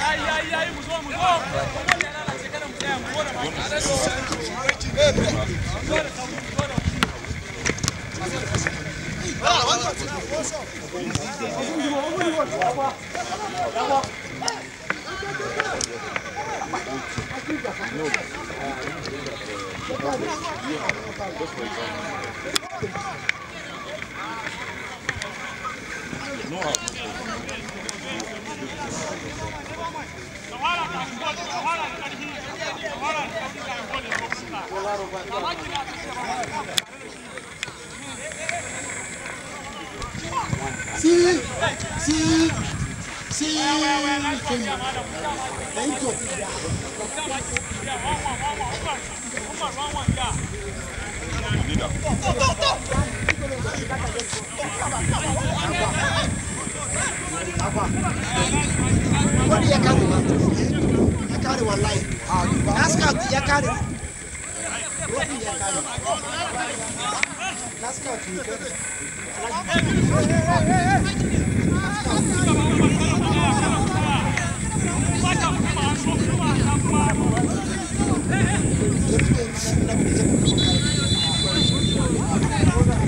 Ai, ai, ai, mudou, mudou. Thank you. Sí, sí, sí. Thank you. leader. What do you carry? You carry one life. Ask out, you carry. What do you carry? Ask out, you carry. Hey, hey, hey. Thank you.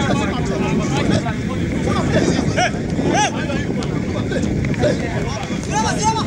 Selamat, selamat.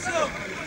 Let's go.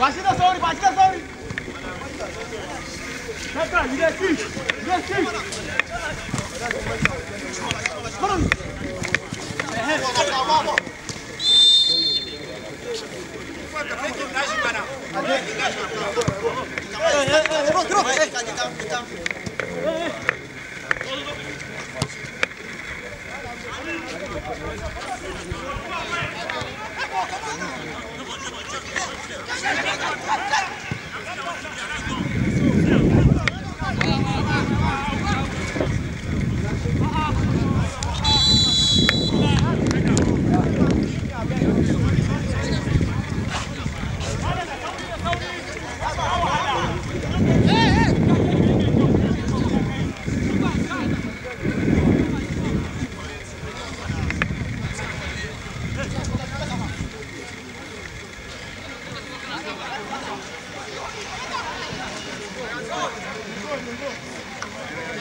Vai Vacina Sauri, vacina Sauri! Vem cá, me desce! Desce! Vamos! Vamos! ¡Cállate! ¡Cállate! ¡Cállate!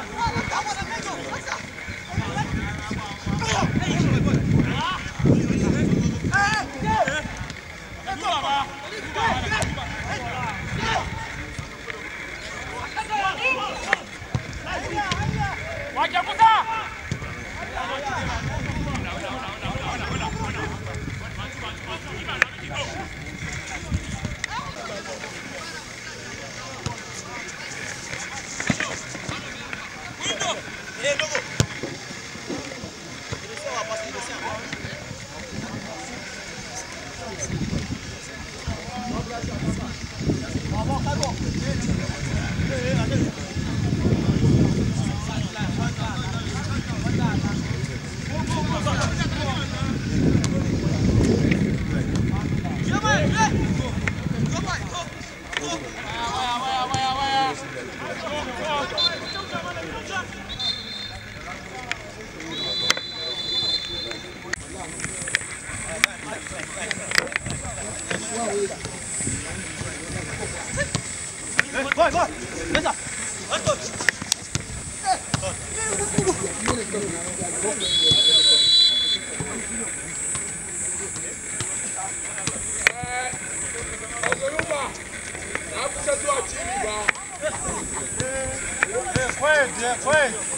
我打我的妹妹，不是快，没事，快投。哎，吧！拿不下吧。快，快。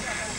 good.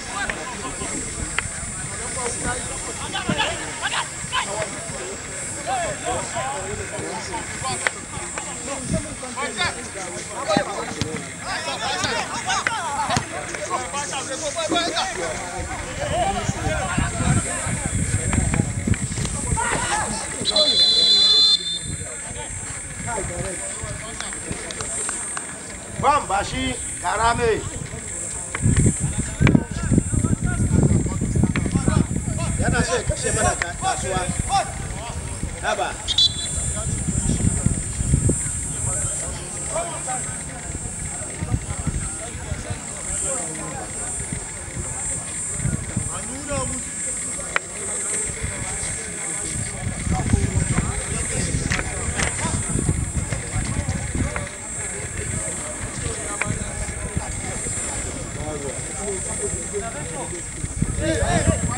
Hey, hey, hey.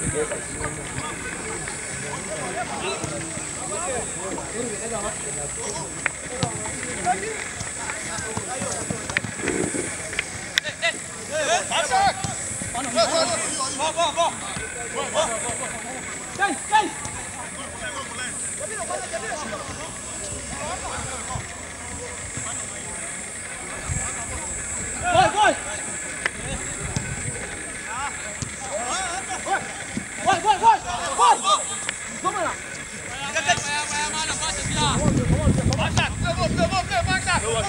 Go, go, go! Go, y s g y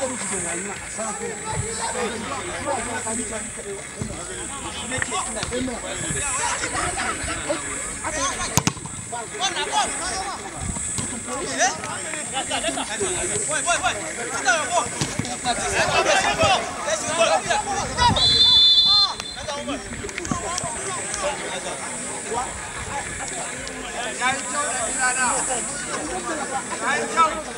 跟住條銀馬生嘅，因為我咁樣佢話佢咩鐵嚟嘅咩？阿爹，我拿過，喂喂喂，知道有過，那只是過，只是過，只是過，那邊過，啊，那到我們，來，來，來，來，來，來，來，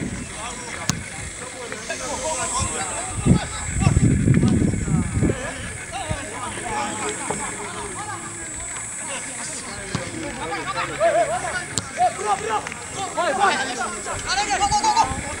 Go, go, go, go!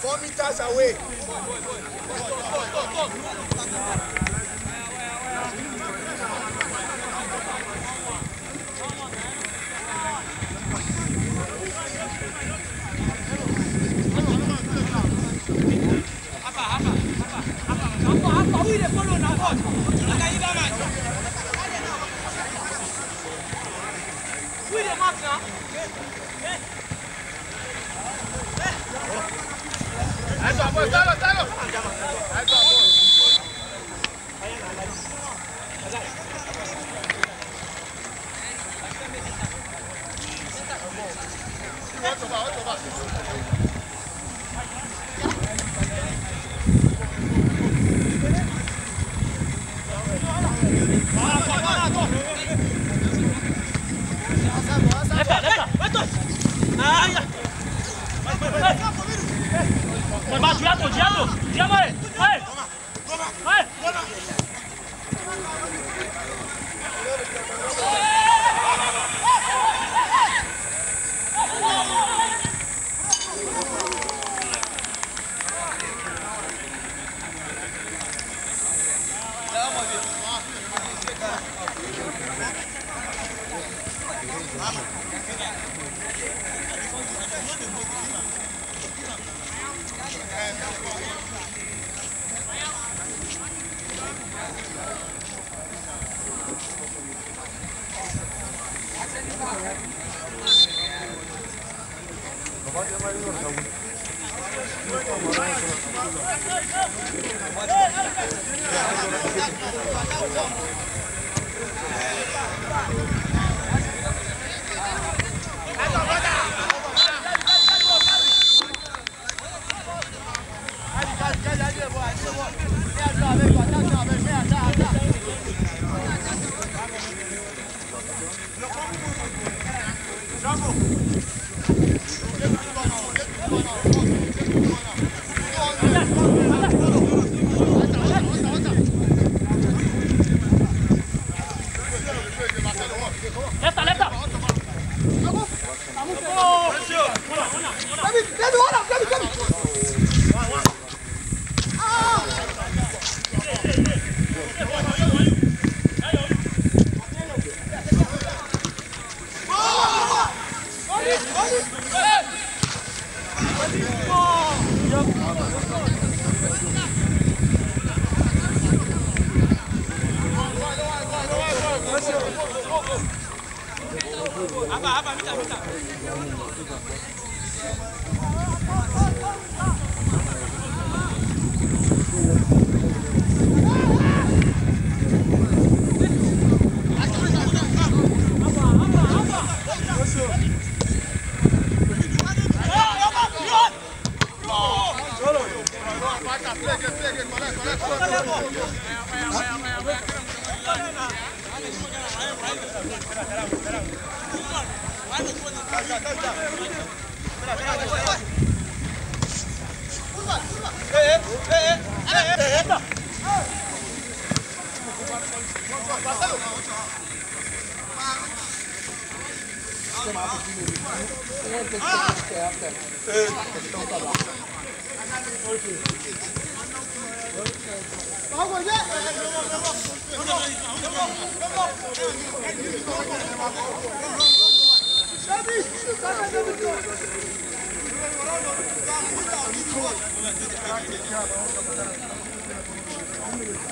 Four meters away. Go, go, go, go, go.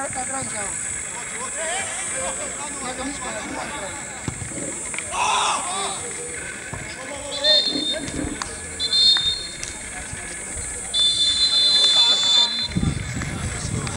atrás, Oh!